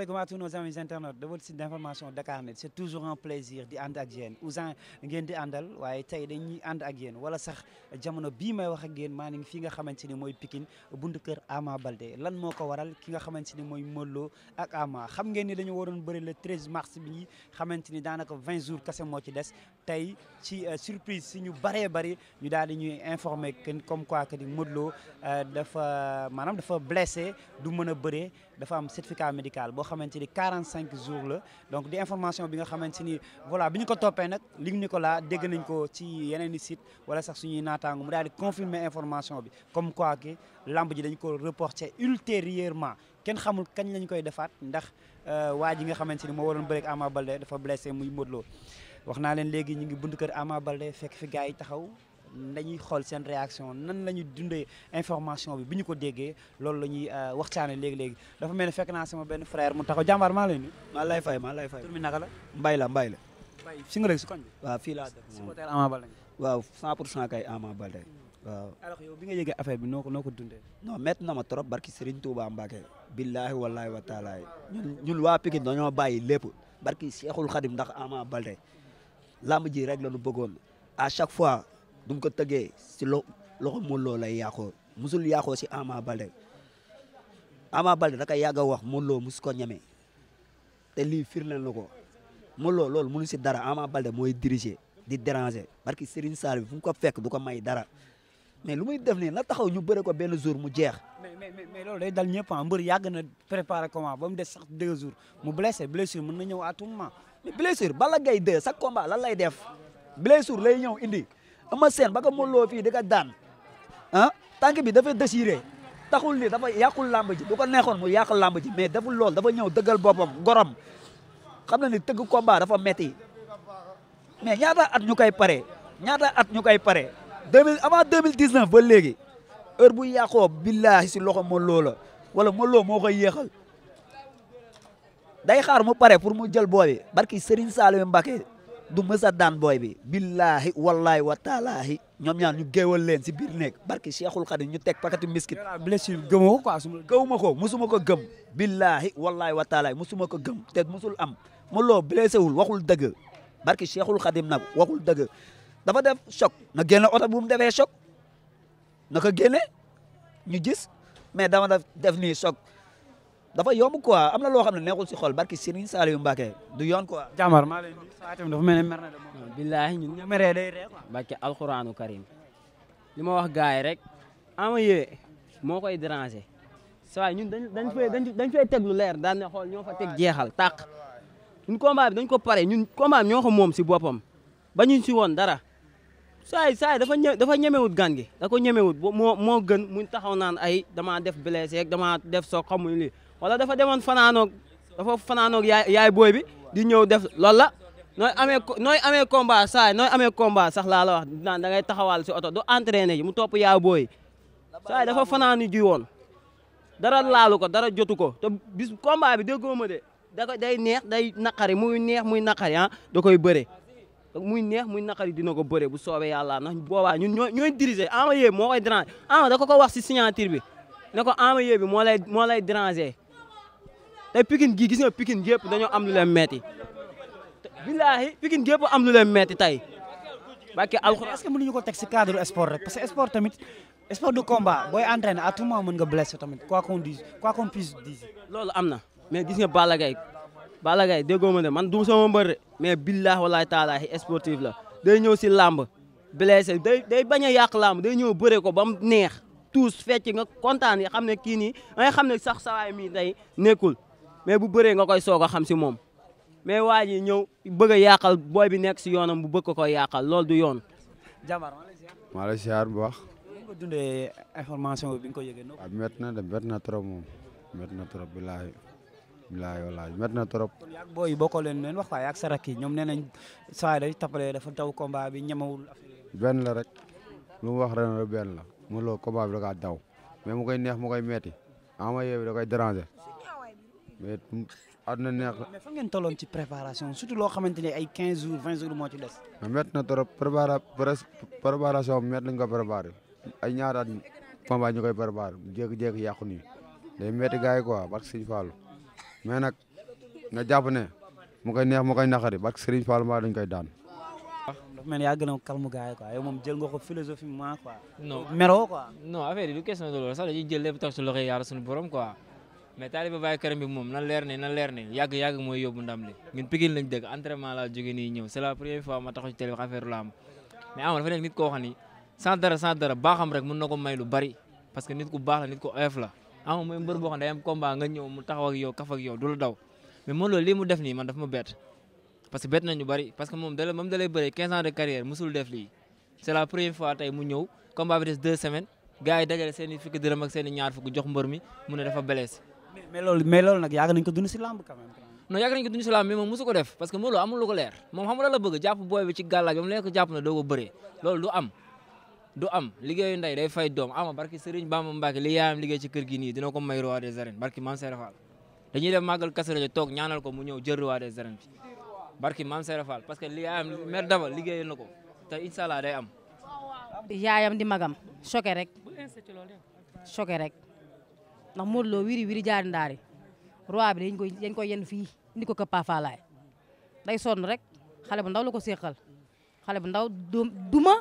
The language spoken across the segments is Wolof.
asalaamaaleykum à tous nos amis internautes de votre site d'information toujours un plaisir di ànd ak yéen ousan ngeen di àndal ak yéen wala sax jamono bii may wax ak ni mooy Pikine xam ngeen ni dañu waroon bëri le 13 ni daanaka 20 jours kese moo ci des tey ci euh, surprise si ñu bëree ñu daal di ñuy informer que comme quoi que ni Modou Lo euh, dafa maanaam dafa blessé du mën a bëree dafa am certificat médical xamante ni cinq jours la donc di information bi nga xamante ni voilà bi ñu ko toppee nag ko Nicolas dégg nañ ko ci yeneen i site wala sax suñuy naataango mu daal di confirmer information bi comme quoi que lamb ji dañ ko reporté ultérieurement kenn xamul kañ lañ koy defaat ndax euh, waa ji nga xamante ni moo waroon bëreeg Ama Baldé dafa blessé muy Modou Lo wax naa leen léegi ñu ngi bunt kër Ama Baldé fekk fi gars yi taxaw dañuy xool seen réaction nan la ñuy dundee information bi bi ñu ko déggee loolu la ñuy euh, waxtaanee léegi-léegi dafa mel ne fekk naa sama benn frère mu taxaw jàmbaar maa lay nuyu. maa lay fay maa lay fay tur bi naka la. Mbaye la Mbaye la. Mbaye si nga rek si bi. fii laa def waaw 100 pour cent kay hmm. bi nga yëgee affaire bi noo ko noo ko dundee. non met na ma trop barki Serigne Touba Mbacké. billaahi wallaahi wa taala ñun ñun waa Pikine dañoo bàyyi lépp barki Cheikhul Khadim ndax Ama Baldé lamb ji rek la ñu bëggoon à chaque fois du mu ko tëggee si lo loxo Modou lay yàqoo musul yàqoo si Ama Balde Ama Balde da koy yàgg a wax Modou Lo mus ko ñeme te lii firndeel na ko Modou Lo loolu mënu si dara Ama Balde mooy diriger di déranger parce que Serigne Sall bi fu mu ko fekk du ko may dara mais lu muy def nii na taxaw ñu bëre ko benn jour mu jeex. mais mais mais loolu day dal ñëpp ah mbër yàgg na préparé comment ba mu des sax deux jours mu blessé blessure mën na ñëw à tout moment. mais blessure Balla Gaye 2 chaque combat lan lay def blessure lay ñëw indi. Eumeu seen ba ko Modou loo fii di ko daan ah tànk bi dafa déchiré taxul ni dafa yàqul làmb ji du ko neexoon mu yàqul làmb ji mais deful lool dafa ñëw dëggal boppam gorom xam na ni tëgg combat dafa metti mais ñaata at ñu koy pare ñaata at ñu koy pare 2000 avant 2019 ba léegi heure bu yàqoo billaahi si loxo Modou Lo la wala Modou Lo moo koy yéexal day xaar mu pare pour mu jël boobi barki Serigne Saliou Mbacké du mës a daan booy bi billaahi wallaahi wa taalaahi ñoom ñaar ñu géewal leen si biir néeg barki Cheikhul Khadim ñu teg pakati miskit blessure gëmoo ko quoi su ko musuma ko gëm billaahi wallaahi wa taalaahi ko gëm te musul am mu loo blessé wul waxul dëgg barki Cheikhul Khadim nag waxul dëgg dafa def choc na génne oto bu mu defee choc na ko génne ñu gis mais dama def def nii choc dafa yomb quoi am na loo xam ne neexul si xol barki Serigne Saliou Mbacké du yoon quoi. jàmbaar maa lay nuyu saa itam dafa mel ne mer na de moom. billaahi ñun nga meree day ree quoi. barki alxuraanu karim li ma wax gars yi rek ama yee moo koy déranger saa waay ñun dañ dañ fay dañ fay teg lu leer daan ne xool ñoo fa teg jeexal tàq ñun combat bi dañ ko pare ñun combat bi ñoo ko moom si boppam ba ñu si woon dara saay saay dafa ñë dafa ñemewut gan gi da ko ñemewut moo moo gën mu taxaw naan ay damaa def blessé rek damaa def soog xamuñ li wala dafa demoon fanaanoog dafa fanaanoog yaay yaay booy bi di ñëw def loolu la nooy amee nooy amee combat saay nooy amee combat sax laa la wax naan da ngay taxawal si oto du entraîné ji mu topp yaay booy saay dafa fanaanu ji woon dara laalu ko dara jotu ko te bis combat bi déggoo ma de da ko day neex day naqari muy neex muy naqari ah da koy bëre muy neex muy naqari dina ko bëre bu soobee yàlla ndax boobaa ñun ñoo ñooy diriger ama yéeb moo koy déranger ama da ko ko wax si signature bi ne ko ama yéeb moo lay moo lay déranger tey Pikine gii gis nga Pikine gépp dañoo am lu leen metti billaahi Pikine gépp am lu leen metti tey bàkke alxuraan est-ce que mënuñu ko teg si cadre sport rek parce que sport tamit sport de combat booy entraîné à tout moment mën nga blessé tamit quoi qu'on dise quoi qu'on puisse dire loolu am na mais gis nga Balla Gaye Balla Gaye déggoo ma ne man du sama mbër mais billaahi wallaahi taalaahi sportif la day ñëw si làmb blessé day day bañ a yàq làmb day ñëw bëre ko ba mu neex tous fecc nga kontaan yi xam ne kii nii dangay xam ne sax sawaay mi day nekkul mais bu bëree nga koy soog a xam si moom mais waa ji ñëw bëgg a yàqal booy bi nekk si yoonam bu bëgg ko koy yàqal loolu du yoon. Jambar maa lay ziar bu baax. nga ko information bi nga ko yëgee. waaw métti na de métti na trop moom métti na trop bilaay bilaay walaay métti na trop. kon yaa booy bokkoo leen leen wax waaye ak sarak yi ñoom nee nañ saa yi day tapale dafa taw combat bi ñemewul. benn la rek lu mu wax ren la mu loolu combat bi da daw mais mu koy neex mu meti metti ama yeewi da koy déranger. mais àdduna neex la. mais fa ngeen tolloon ci préparation surtout loo xamante ne ay 15 jours 20 jours moo ci des. mais métti na trop prépara préparation métti nañ ko préparé ay ñaaraat combat ñu koy préparé jékki-jékki yàqu nii day métti gars yi barke Serigne Fallou maa dañ koy daan. dafa yaa gën a calme gars yi quoi moom jël nga ko philosophiquement quoi. non meroo quoi. mais taaliba Baye Karim bi moom na leer ne na leer ne yàgg-yàgg mooy yóbbu ndam li ñun Pikine lañ dëkk entraînement laa jógee nii ñëw c'est la ama dafa ni sans dara sans dara baaxam rek mën na ko ama mooy mbër mu taxaw ak yow nii man dafa ma bett parce que bett nañu bari parce que moom dala moom dalay bëree de carrière musul def lii c'est la première fois tey mu ñëw des deux semaines gars yi dajale seen i fukki dërëm ak seen i ñaar fukk jox mbër mi mais loolu mais loolu nag yàgg nañ ko dund si lamb quand même. non yàgg nañ ko dund si lamb mais moom mosu ko def parce que Modou amul lu ko leer moom xam nga la bëgg jàpp booy bi ci gàllaaj ba mu nekk jàpp na doo ko bëree loolu du am du am liggéeyu ndey day fay doom ama barki Serigne Bamba Mbacke li yaayam ci kër dina ko may roi des arènes barki Mame Serre Fall dañuy mer daba liggéeyal na ko te incha day am. yaayam di magam choqué ndax Modou loo wiri wiri jaari ndaari roi bi dañ koy dañ koy yenn fii indi ko këppaa faalaay day sonn rek xale bu ndaw la ko seeqal xale bu ndaw duma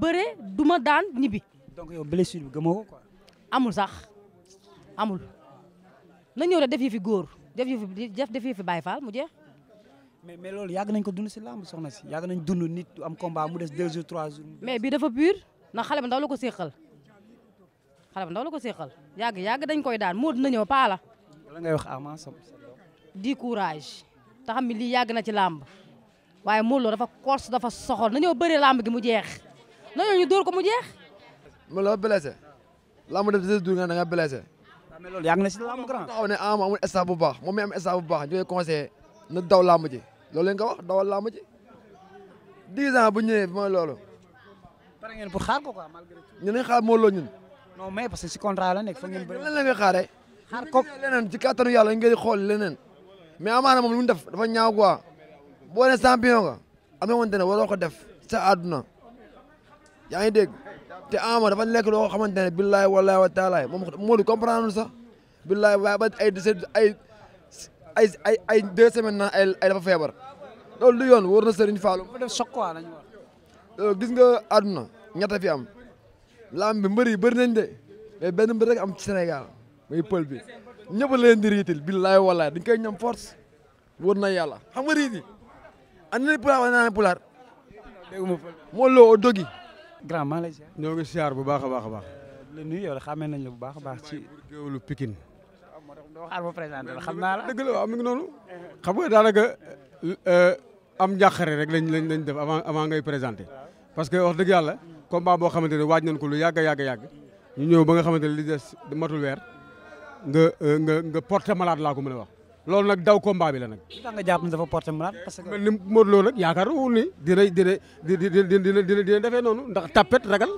bëre duma daan ñibbi. donc yow blessure bi gëmoo ko quoi. amul sax amul na ñëw rek def yi fi góor def yi fi def Baay Faal mu jeex. mais mais loolu nañ ko dund si làmb soxna si yàgg nañ dund nit am combat mu des 2 jours 3 jours. mais bi dafa pur ndax xale bu ndaw la ko seeqal. xale bu ndaw la ko séqal yàgg yàgg dañ koy daan moo dina ñëw paa la. wala ngay wax Ama sa di courage te xam ne lii yàgg na ci làmb waaye Modou Lo dafa course dafa soxor na ñëw bëree làmb gi mu jeex na ñëw ñu dóor ko mu jeex. Modou Lo dafa blessé làmb def des jours nga da nga yàgg na ci làmb grand. taxaw ne Ama amul état bu baax moom mi am état bu baax ñu koy conseillé na daw làmb ji loolu lañ ko wax dawal làmb ji 10 ans bu ñëwee mooy loolu. pare ngeen pour xaar ko ñun. non mais parce que si la nekk fa ngeen bëri. lan ko leneen ci kattanu yàlla ñu ngi xool leneen mais amaana moom lu ñu def dafa ñaaw quoi boo ne champion nga am na wante ne waroo ko def sa àdduna yaa ngi dégg te Ama dafa nekk loo xamante ne billaay wallaay wa taalaay moom moo di comprendre sax billaay waaye ba ay ay ay ay ay deux semaines ay dafa feebar loolu du yoon wóor na Serigne Fallou. dafa def quoi lañu euh, gis nga àdduna ñett fi am. laam bi mbër yi bëri nañ de mais benn mbër rek am ci Sénégal muy pël bi ñëpp leen di riitil billaay wallaay dañ koy ñam force wër na yàlla xam nga riiti an na pulaar wala naa pulaar moo loo o dogi grand ñoo ngi ziar bu baax a baax a baax la nuyu yow xamee nañ la bu baax a baax ci géwlu Pikine xam naa la dëgg la waaw mi noonu xam nga daanaka euh, am njàqare rek lañ lañ lañ def avant avant ngay présenté parce que wax dëgg yàlla combat boo xamante ne waaj nañ ko lu yàgg a yàgg yàgg ñu ñëw ba nga xamante ne li des matul weer nga euh, nga nga porté laa ko mën a wax. loolu nag daw combat bi la nag. li tax nga jàpp ne dafa porté malade parce que. ni Modou noonu ndax tapet ragal.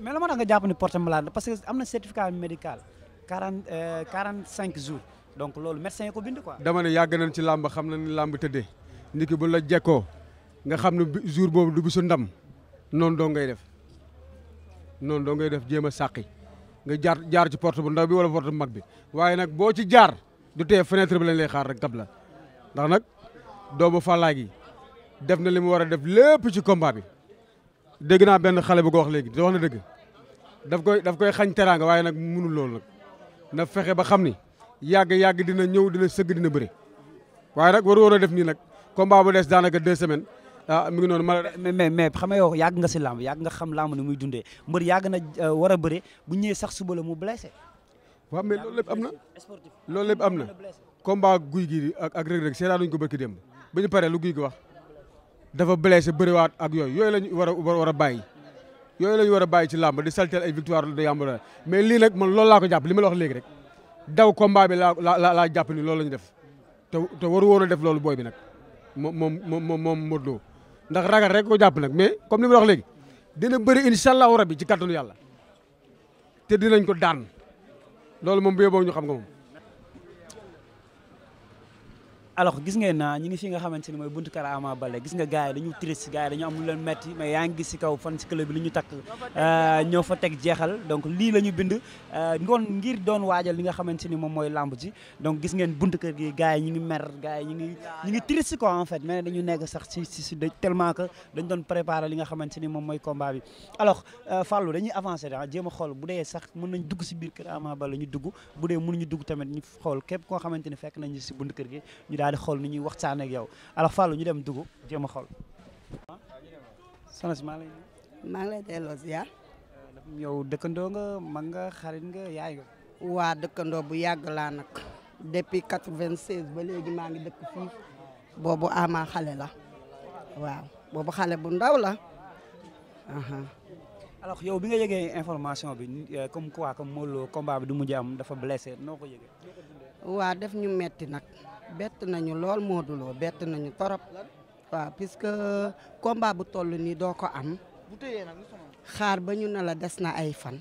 mais la moo tax nga jàpp ne porté malade parce que am na certificat médical euh, donc loolu médecin yi ko bind quoi. dama ne yàgg nañ ci làmb xam na ni làmb tëddee. nit ki bu la jekkoo nga xam ne jour boobu du bisu ndam noonu doo ngay def. noonu doo ngay def jéem a sàqi nga jaar jaar ci porte bu ndaw bi wala porte bu mag bi waaye nag boo ci jaar du tee fenêtre bi lañ lay xaar rek gab la ndax nag doomu Falla gi def na li mu war a def lépp ci combat bi dégg naa benn xale bu ko wax léegi te wax na dëgg daf koy daf koy xañ teraanga waaye nag munul loolu nag na fexe ba xam ni yàgg-yàgg dina ñëw dina sëgg dina bëri waaye nag waru woon a def nii nag combat bu des daanaka deux semaines ah mi ngi noonu ma mais mais xam nga yow yàgg nga si làmb yàgg nga xam làmb ni muy dundee mbër yàgg na euh, war a bëre bu ñëwee sax suba la mu blessé. waaw me loolu lépp am na loolu lépp am na combat guy gi ak ak rëg-rëg ko bëgg dem ba ñu paree lu guy gi wax dafa blessé bëriwaat ak yooyu yooyu lañu war a war a bàyyi yooyu lañu war a bàyyi ci làmb di saltel ay victoire de yàmb la mais lii nag man loolu laa ko jàpp li ma la wax léegi rek daw combat bi laa laa laa jàpp ni loolu la ñu def te te waru woon a def loolu booy bi nag moom moom moom moom Modou Lo ndax ragal rek ko jàpp nag mais comme ni mu wax léegi dina bëri incha allahu rabi ci kàttanu yàlla te dinañ ko daan loolu moom bu yeboo ñu xam nga alors gis ngeen na ñi ngi fi nga xamante ni mooy buntu kër Ama Baldé gis nga gars yi dañu triste gars dañu am lu leen metti mais yaa ngi gis si kaw fan si club bi li ñu takk euh, fa teg jeexal donc lii la ñu bind euh, ngoon ngir doon waajal li nga xamante ni moom mooy lamb ji donc gis ngeen buntu kër gi gars yi ñu ngi mer gars yi ñu ngi ñu ngi triste quoi nekk sax si si si tellement que dañ doon préparer li nga xamante ni moom mooy combat bi alors euh, Fallou dañuy avancer da ah, jéem a xool bu dee sax mën nañ dugg si biir kër Ama Baldé ñu dugg bu dee ñu dugg tamit ñu xool képp koo xamante ni fekk nañ si buntu kër gi daal di xool ni ñuy waxtaan ak yow alors ñu dem dugg jéem a xool. soxna si maa ngi lay. dëkkandoo nga mag nga xarit nga yaay nga. waa dëkkandoo bu yàgg laa nag. depuis quatre-vingt-seize ba léegi maa ngi dëkk fii. boobu ama xale la. waaw boobu xale bu ndaw la. alors yow bi nga yëgee information bi euh, comme quoi comme Modou Lo combat bi mujj am dafa blessé noo ko waa def ñu metti nag. bett nañu lool mooduloo bett nañu torop waaw puisque combat bu toll nii doo ko am xaar ba ñu na la des na ay fan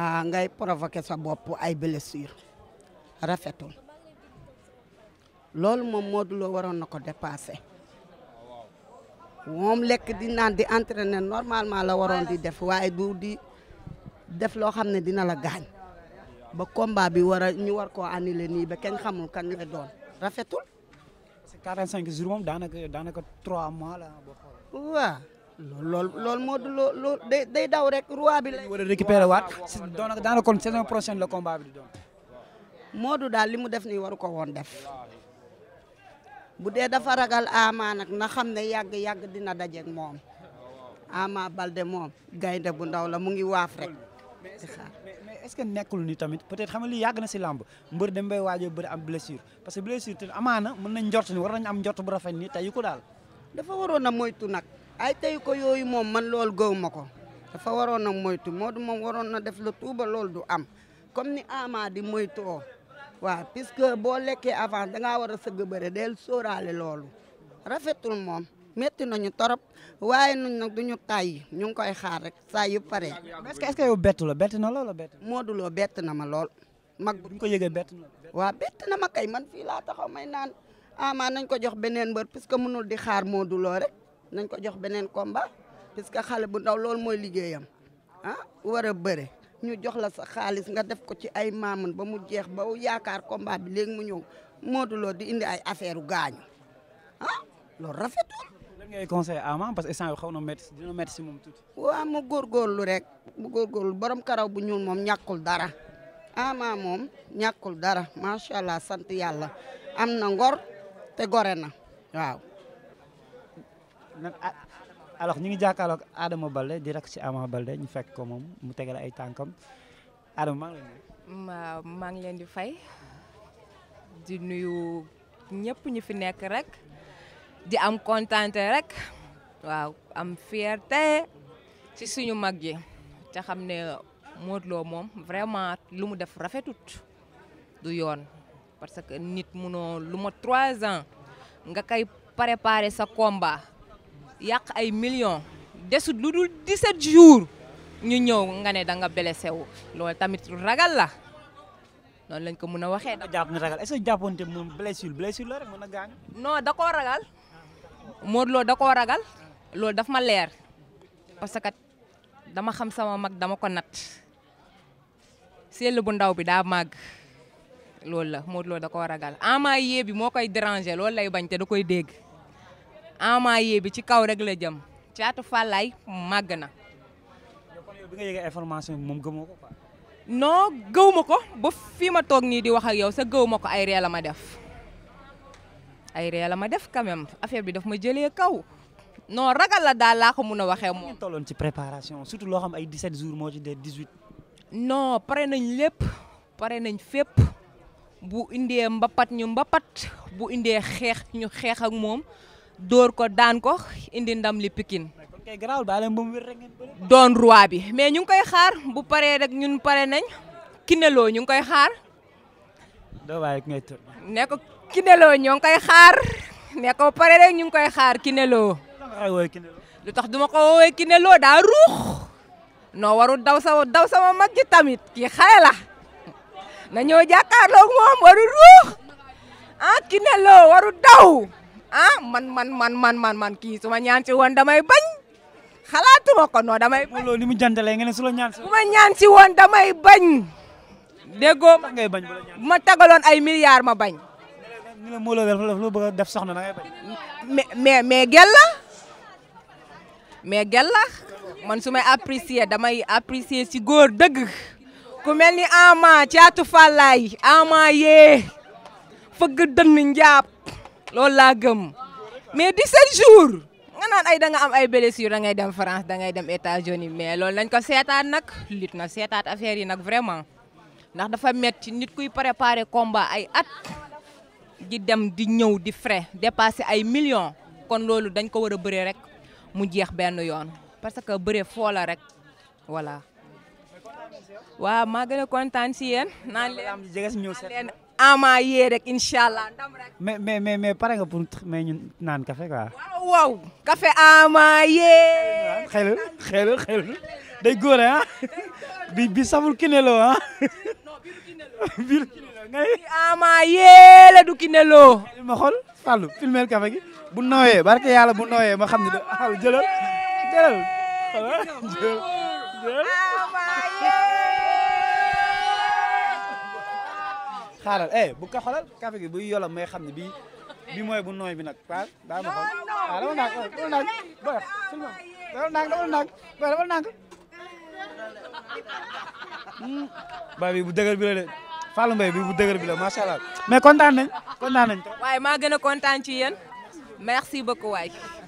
ah ngay provoquer sa bopp ay blessure rafetul loolu moom Modou waroon na ko dépassé moom lekk di naan di entraîner normalement la waroon di def waaye du di def loo xam ne dina la gaañ ba combat bi war a ñu war ko koo annulé nii ba kenn xamul kan lay doon rafetul. c'est 45 jours moom daanaka daanaka 3 mois la boo xoolee. moo du loo day day daw rek roi bi lay. war a récupérer waat si daanaka daanaka kon saison la combat bi di doon. Modou daal li mu def nii waru ko woon def bu dee dafa ragal Ama nag na xam ne yàgg yàgg dina dajeeg moom Ama Balde moom gaynde bu ndaw la mu ngi waaf rek est-ce que nekkul ni tamit peut-être xam nga lii yàgg na si làmb mbër dem bay waajoo bëri am blessure parce que blessure te amaana mën nañ njort ni war nañ am njort bu rafet ni teyu ko daal dafa waroon a moytu nag ay tey ko yooyu moom man loolu gëw ko dafa waroon a moytu Modou moom waroon na def la tuuba loolu du am comme ni Ama di moytoo waaw puisque boo lekkee avance danga war a sëgg bëre del sóoraale loolu rafetul moom métti nañu torop waaye ñun nag du ñu tàyyi ñu ngi koy xaar rek saa yu pare. est-ce que est-ce que betti bettu la bett na loola bett. Modou Lo bett na ma lool. mag bu ko yëgee bett na waaw bett na ma kay man fii laa taxaw may naan ama ah, nañ ko jox beneen mbër puisque mënul di xaar Modou Lo rek nañ ko jox beneen komba combat que xale bu ndaw lool mooy liggéeyam ah war a bëre ñu jox la sa xaalis nga def ko ci ay maamun ba mu jeex ba yaakaar combat bi léegi mu ñëw di indi ay affaire u gaañu ah ngay conseillé Ama parce que instant xaw na métti dina métti si moom tuuti. borom karaw bu ñuul moom ñàkkul dara Ama moom ñàkkul dara macha allah sant yàlla am na ngor te gore na waaw. Ah, alors ñu ngi jàkkaarloog Adama Balde di ci Ama Balde ñu fekk ko moom mu tegale ay tànkam Adama maa leen di fay di nuyu ñëpp ñu fi nekk rek. di am kontante rek waaw am fierté ci suñu mag yi te xam ne Modou Lo moom vraiment lu mu def rafetut du yoon parce que nit munoo lu ma trois ans nga koy préparer sa komba yàq ay millions desut lu dul 17 jours ñu ñëw nga ne da nga blessé wu loolu tamit ragal la noonu lañ ko mun a waxee. da jàpp ne ragal est-ce que jàppoonte moom blessure blessure la rek mën a gaañ. non da koo ragal. Modou Lo da koo ragal loolu dafa ma leer parce que dama xam sama mag dama ko nat seetlu bu ndaw bi daa màgg loolu la Modou Lo da koo ragal ama yee bi moo koy déranger lool lay bañ te da koy dégg ama bi ci kaw rek la jëm caatu fàllaay màgg na. bi nga yëgee information bi moom gëmoo ko quoi. ko ba fii ma toog nii di wax ak yow sa gëw ma ko ay ree la ma def. ay ree la ma def quand même affaire bi daf ma jëlee kaw non ragal la daal laa ko mun a waxee moom. tolloon ci préparation surtout loo xam ay 17 jours moo ci des 18. pare nañ lépp pare nañ fépp bu indee mbapat ñu mbapat bu indee xeex ñu xeex ak moom dóor ko daan ko indi ndam li Pikine. doon roi bi mais ñu ngi koy xaar bu paree rek ñun pare nañ kineloo ñu ngi koy xaar. doo Kiné Lo ñoo ngi koy xaar ne ko pare rek ñu ngi koy xaar Kiné Lo. lu tax duma ko woowee Kiné Lo daa noo warul daw sama daw sama mag ji tamit kii xale la ñëw jàkkaarloog moom warul ruux ah Kiné Lo warul daw ah man man man man man man kii su ma ñaan si woon damay bañ xalaatuma ko noo damay. bañ loolu ni mu jantalee nga la ñaan si. su ngay bañ ma ay milliards ma bañ. ñu ne Modou def soxna na mais mais mais mais gel man su may damay apprécier si góor dëgg ku mel ni Ama caatu Fallaye Ama yee fëgg dënn njaab loolu laa gëm mais 17 jours nga naan ay da am ay blessure da ngay dem France da ngay dem États-Unis mais loolu nañ ko seetaat nag lit na seetaat affaire yi nag vraiment ndax dafa metti nit kuy préparer combat ay at. di dem di ñëw di frais dépassé ay millions kon loolu dañ ko war a bëree rek mu jeex benn yoon parce que bëree foo la rek voilà. waaw maa gën a kontaan si yéen. naan leen ama yee rek incha allah mais mais mais pare nga pour mais ñun naan café quoi. waaw waaw. café ama yee. xelul xelul day góore ah. bi bi saful kinelo ngay ama yéele du Kiné Lo ma xool Fallou bu nooyee barke yàlla bu nooyee ma xam ne da al jëlal jëlal xaaral eh bu ka xoolal café gi buy yolam may xam ne bii bi mooy bu nooy bi nag waaw daa ma xool waaw dama naag dama naag bu dëgër bi de Fallou Mbaye bi bu dëgër bi la macha mais kontaan nañ kontaan nañ. waaye ma gën a kontaan ci yéen merci beaucoup waay.